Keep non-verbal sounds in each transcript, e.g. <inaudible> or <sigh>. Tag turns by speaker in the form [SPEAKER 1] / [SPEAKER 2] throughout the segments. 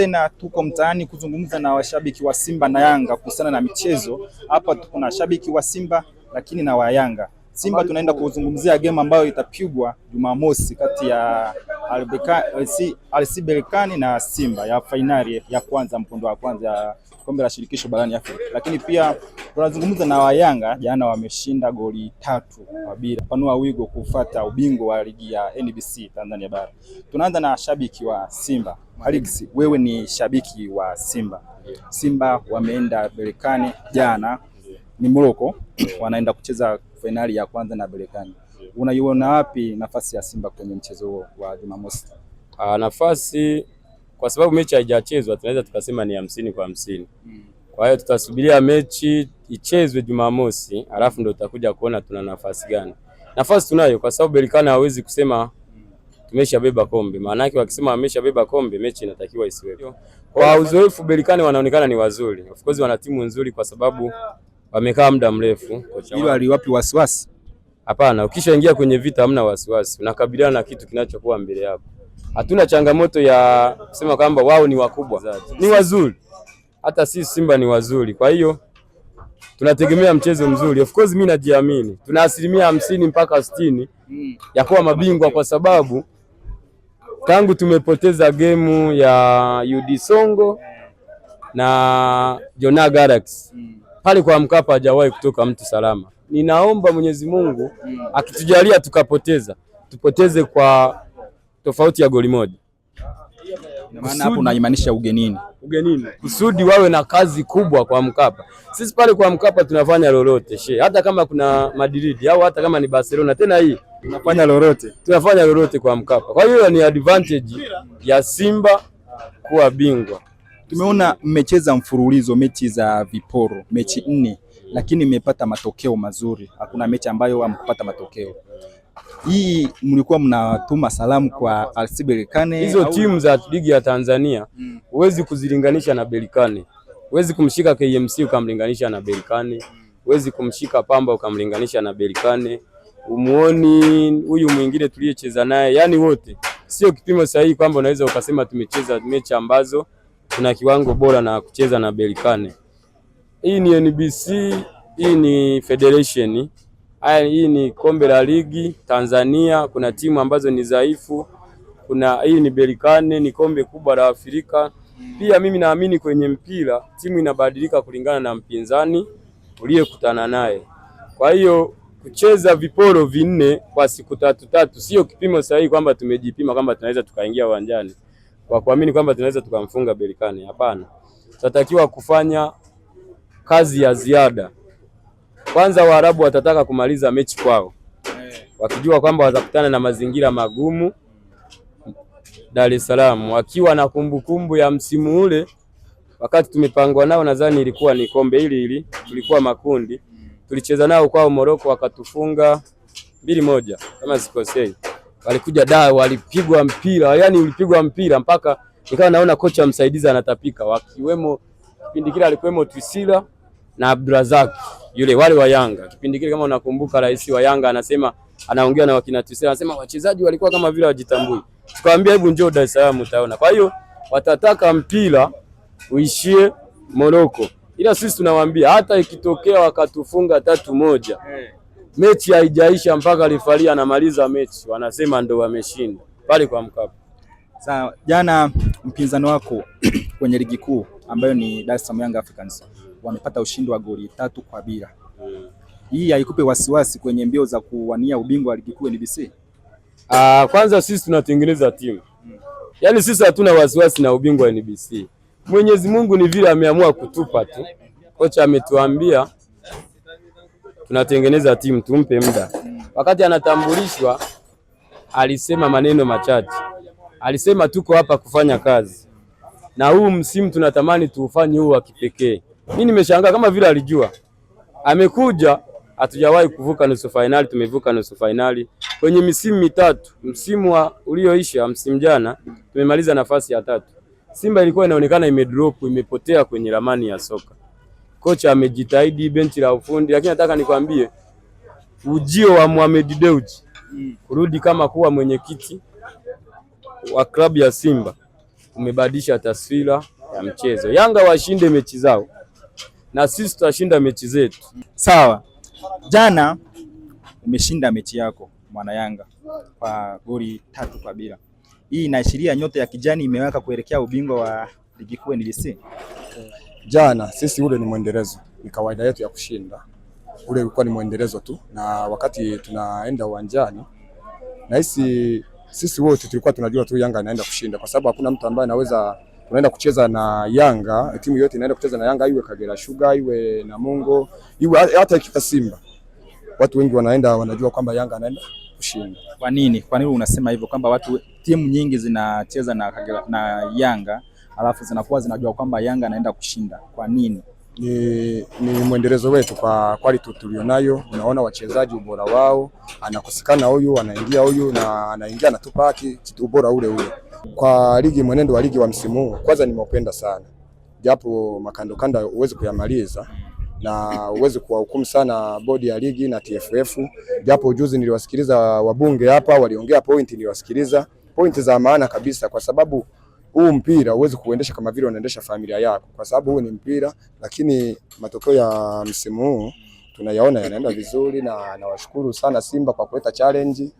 [SPEAKER 1] Tena tuko mtaani kuzungumza na washabiki wa Simba na Yanga kuhusiana na michezo. Hapa tuko na washabiki wa Simba lakini na wa Yanga. Simba tunaenda kuzungumzia game ambayo itapigwa Jumamosi kati ya RC eh, Berkane na Simba ya fainali ya kwanza mkondo wa kwanza kombe la shirikisho barani Afrika, lakini pia tunazungumza na Wayanga jana wameshinda goli tatu kwa bila, panua wigo kufata ubingwa wa ligi ya NBC Tanzania Bara. Tunaanza na shabiki wa Simba Alex, wewe ni shabiki wa Simba. Simba wameenda Berkane jana, ni Moroko, <clears throat> wanaenda kucheza fainali ya kwanza na Berkane. Unaiona wapi nafasi ya Simba kwenye mchezo wa Jumamosi?
[SPEAKER 2] Ah, nafasi kwa sababu mechi haijachezwa, tunaweza tukasema ni hamsini kwa hamsini. Hmm. Kwa hiyo tutasubiria mechi ichezwe Jumamosi, alafu ndio tutakuja kuona tuna nafasi gani. Nafasi tunayo, kwa sababu Berkane hawezi kusema tumeshabeba kombe, maana yake wakisema wameshabeba kombe, mechi inatakiwa isiwepo. Kwa uzoefu, Berkane wanaonekana ni wazuri, of course wana timu nzuri, kwa sababu wamekaa muda mrefu.
[SPEAKER 1] Hilo aliwapi wasiwasi? Hapana, ukishaingia kwenye vita hamna wasiwasi, unakabiliana na kitu kinachokuwa mbele yako
[SPEAKER 2] hatuna changamoto ya kusema kwamba wao ni wakubwa, ni wazuri, hata sisi Simba ni wazuri. Kwa hiyo tunategemea mchezo mzuri. Of course mimi najiamini, tuna asilimia hamsini mpaka sitini ya kuwa mabingwa, kwa sababu tangu tumepoteza gemu ya UD Songo na Jona Galaxy pale kwa Mkapa hajawahi kutoka mtu salama. Ninaomba Mwenyezi Mungu akitujalia tukapoteza, tupoteze kwa tofauti ya goli moja.
[SPEAKER 1] Maana hapo unaimanisha ugenini,
[SPEAKER 2] ugenini kusudi wawe na kazi kubwa kwa Mkapa. Sisi pale kwa Mkapa tunafanya lolote she, hata kama kuna Madrid au hata kama ni Barcelona, tena hii tunafanya lolote, tunafanya lolote kwa Mkapa. Kwa hiyo ni advantage ya Simba kuwa bingwa.
[SPEAKER 1] Tumeona mmecheza mfululizo mechi za viporo, mechi nne, lakini mmepata matokeo mazuri. Hakuna mechi ambayo hamkupata matokeo hii mlikuwa mnatuma salamu kwa RC Berkane.
[SPEAKER 2] Hizo timu za ligi ya Tanzania mm. huwezi mm. kuzilinganisha na Berkane, huwezi kumshika KMC ukamlinganisha na Berkane, huwezi kumshika Pamba ukamlinganisha na Berkane, umuoni huyu mwingine tuliyecheza naye, yani wote sio kipimo sahihi kwamba unaweza ukasema tumecheza mechi ambazo tuna kiwango bora na kucheza na Berkane. Hii ni NBC, hii ni Federation haya, hii ni kombe la ligi Tanzania, kuna timu ambazo ni dhaifu, kuna hii ni berikane ni kombe kubwa la Afrika. Pia mimi naamini kwenye mpira timu inabadilika kulingana na mpinzani uliyekutana naye. Kwa hiyo kucheza viporo vinne kwa siku tatu tatu sio kipimo sahihi, kwamba tumejipima kwamba tunaweza tukaingia uwanjani kwa kuamini kwamba tunaweza tukamfunga Berkane. Hapana, tunatakiwa kufanya kazi ya ziada. Kwanza Waarabu watataka kumaliza mechi kwao, eh. wakijua kwamba watakutana na mazingira magumu Dar es Salaam, wakiwa na kumbukumbu kumbu ya msimu ule wakati tumepangwa nao, nadhani ilikuwa ni kombe hili hili, tulikuwa makundi, tulicheza nao kwao Moroko, wakatufunga mbili moja kama sikosei. Walikuja da, walipigwa mpira, yani ulipigwa mpira mpaka nikawa naona kocha msaidizi anatapika, wakiwemo kipindi kile alikuwemo Twisila na Abdurazaki yule wale wa Yanga kipindi kile, kama unakumbuka, rais wa Yanga anasema, anaongea na wakina Tisera, anasema wachezaji walikuwa kama vile wajitambui. Tukamwambia hebu njoo Dar es Salaam utaona. Kwa hiyo watataka mpira uishie Moroko, ila sisi tunawaambia hata ikitokea wakatufunga tatu moja, mechi haijaisha mpaka rifari anamaliza mechi, wanasema ndo wameshinda
[SPEAKER 1] pale kwa Mkapa. Sawa, jana mpinzani wako <clears throat> kwenye ligi kuu ambayo ni Dar es Salaam Young Africans wamepata ushindi wa goli tatu kwa bila. Hii haikupe wasiwasi kwenye mbio za kuwania ubingwa wa ligi kuu NBC?
[SPEAKER 2] Ah, kwanza sisi tunatengeneza timu hmm. Yaani sisi hatuna wasiwasi na ubingwa wa NBC. Mwenyezi Mungu ni vile ameamua kutupa tu, kocha ametuambia tunatengeneza timu, tumpe muda. Wakati anatambulishwa alisema maneno machache, alisema tuko hapa kufanya kazi, na huu msimu tunatamani tuufanye huu wa kipekee. Mimi nimeshangaa kama vile alijua. Amekuja hatujawahi kuvuka nusu fainali, tumevuka nusu fainali kwenye misimu mitatu. Msimu wa ulioisha, msimu jana tumemaliza nafasi ya tatu. Simba ilikuwa inaonekana imedrop, imepotea kwenye ramani ya soka. Kocha amejitahidi, benchi la ufundi, lakini nataka nikwambie ujio wa Mohamed Dewji kurudi kama kuwa mwenyekiti wa klabu ya Simba umebadilisha taswira ya mchezo. Yanga washinde mechi zao na sisi tutashinda mechi zetu. Sawa, jana umeshinda mechi yako mwana Yanga kwa goli tatu kwa bila. Hii inaashiria nyota ya kijani imeweka kuelekea ubingwa wa ligi kuu NBC.
[SPEAKER 3] Jana sisi, ule ni mwendelezo, ni kawaida yetu ya kushinda. Ule ulikuwa ni mwendelezo tu, na wakati tunaenda uwanjani nahisi sisi wote tulikuwa tunajua tu Yanga inaenda kushinda, kwa sababu hakuna mtu ambaye anaweza tunaenda kucheza na Yanga, timu yote inaenda kucheza na Yanga, iwe Kagera Sugar, iwe Namungo, iwe hata ikita Simba. Watu wengi wanaenda wanajua kwamba Yanga anaenda kushinda.
[SPEAKER 1] Kwa nini? Kwa nini unasema hivyo kwamba watu timu nyingi zinacheza na, na Yanga alafu zinakuwa zinajua kwamba Yanga anaenda kushinda? Kwa nini?
[SPEAKER 3] ni, ni mwendelezo wetu kwa quality tulionayo. Unaona wachezaji ubora wao, anakosekana huyu anaingia huyu na anaingia anatupa haki ubora ule ule. Kwa ligi mwenendo wa ligi wa msimu huu kwanza nimeupenda sana, japo makandokanda huwezi kuyamaliza na uweze kuwahukumu sana bodi ya ligi na TFF, japo ujuzi niliwasikiliza wabunge hapa waliongea pointi, niliwasikiliza pointi za maana kabisa, kwa sababu huu mpira uweze kuendesha kama vile unaendesha familia yako, kwa sababu huu ni mpira. Lakini matokeo ya msimu huu tunayaona yanaenda vizuri, na nawashukuru sana Simba kwa kuleta challenge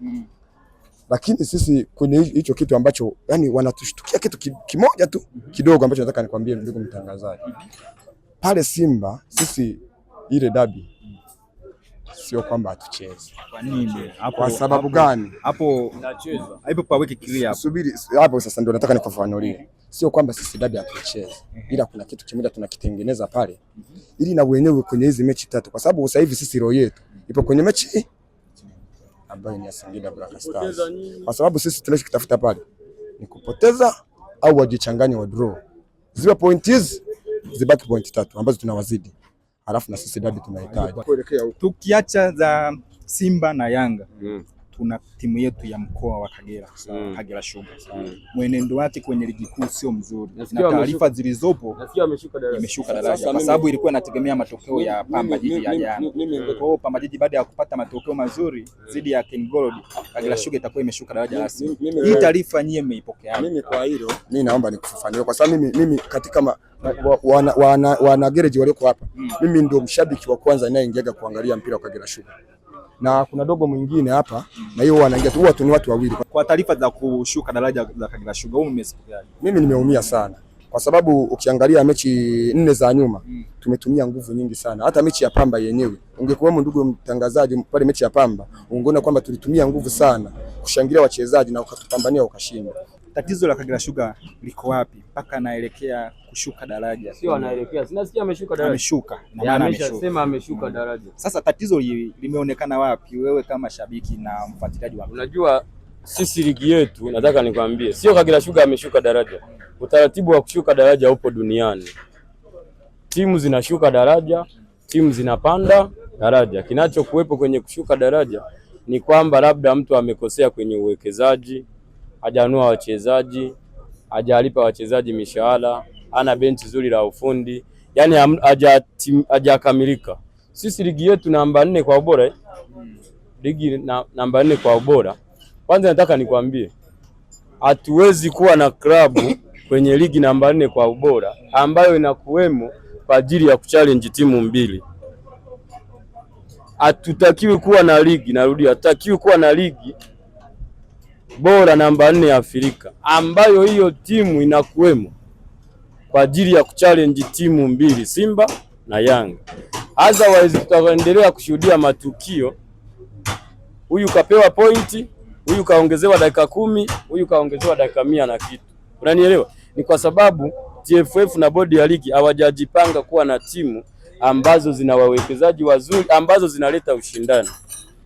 [SPEAKER 3] Lakini sisi kwenye hicho kitu ambacho yani wanatushtukia kitu kimoja tu kidogo ambacho nataka nikwambie ndugu mtangazaji, pale Simba sisi ile dabi sio kwamba hatuchezi.
[SPEAKER 1] Kwa nini? Hapo kwa sababu gani? Hapo
[SPEAKER 3] nacheza. Hapo kwa wiki clear hapo. Subiri hapo sasa ndio nataka nikufafanulie. Sio kwamba sisi dabi hatuchezi. Ila kuna kitu kimoja tunakitengeneza pale. Mhm. Ili na wenyewe kwenye hizi mechi tatu kwa sababu sasa hivi sisi roho yetu ipo kwenye mechi ambayo ni ya Singida Black Stars. Kwa sababu sisi tunachokitafuta pale ni kupoteza au wajichanganye wa draw. Ziwe point hizi zibaki point tatu ambazo tunawazidi halafu na sisi dadi tunahitaji.
[SPEAKER 1] Tukiacha za Simba na Yanga mm. tuna timu yetu ya mkoa wa Kagera mm. Kagera Sugar mm. mwenendo wake kwenye ligi kuu sio mzuri na taarifa zilizopo imeshuka daraja, kwa sababu ilikuwa inategemea matokeo ya Pamba Jiji ya jana. Kwa hiyo Pamba Jiji baada ya kupata matokeo mazuri dhidi ya Gold, Kagera eh. Sugar itakuwa imeshuka daraja rasmi. Hii taarifa nyie mmeipokea?
[SPEAKER 3] Mimi kwa hilo mimi naomba nikufafanue, kwa sababu mimi katika wana, wana, wana gereji walioko hapa mm. Mimi ndio mshabiki wa kwanza ninayeingia kuangalia mpira wa Kagera Sugar na kuna dogo mwingine hapa na hiyo wanaingia tu, watu ni watu wawili.
[SPEAKER 1] Kwa taarifa za kushuka daraja la Kagera Sugar,
[SPEAKER 3] mimi nimeumia sana kwa sababu ukiangalia mechi nne za nyuma mm. tumetumia nguvu nyingi sana. Hata mechi ya Pamba yenyewe ungekuwemo, ndugu mtangazaji, pale mechi ya Pamba ungeona kwamba tulitumia nguvu sana kushangilia wachezaji na ukatupambania ukashinda
[SPEAKER 1] tatizo la Kagera Sugar liko wapi mpaka anaelekea kushuka daraja?
[SPEAKER 3] Sio anaelekea, sina sikia ameshuka daraja. Ameshuka na maana amesema ameshuka daraja.
[SPEAKER 1] Sasa tatizo li, limeonekana wapi, wewe kama shabiki na mfuatiliaji wa?
[SPEAKER 2] Unajua sisi ligi yetu, nataka nikwambie, sio Kagera Sugar ameshuka daraja. Utaratibu wa kushuka daraja upo duniani, timu zinashuka daraja, timu zinapanda daraja. Kinachokuwepo kwenye kushuka daraja ni kwamba labda mtu amekosea kwenye uwekezaji hajanua wachezaji, hajalipa wachezaji mishahara, hana benchi zuri la ufundi, yani hajakamilika. Sisi ligi yetu namba nne kwa ubora, eh? ligi na, namba nne kwa ubora. Kwanza nataka nikwambie hatuwezi kuwa na klabu kwenye ligi namba nne kwa ubora ambayo inakuwemo kwa ajili ya kuchallenge timu mbili. Hatutakiwi kuwa na ligi, narudi, hatutakiwi kuwa na ligi bora namba nne ya Afrika, ambayo hiyo timu inakuwemo kwa ajili ya kuchallenge timu mbili, Simba na Yanga. Otherwise tutaendelea kushuhudia matukio, huyu kapewa pointi, huyu kaongezewa dakika kumi, huyu kaongezewa dakika mia na kitu. Unanielewa? Ni kwa sababu TFF na bodi ya ligi hawajajipanga kuwa na timu ambazo zina wawekezaji wazuri, ambazo zinaleta ushindani.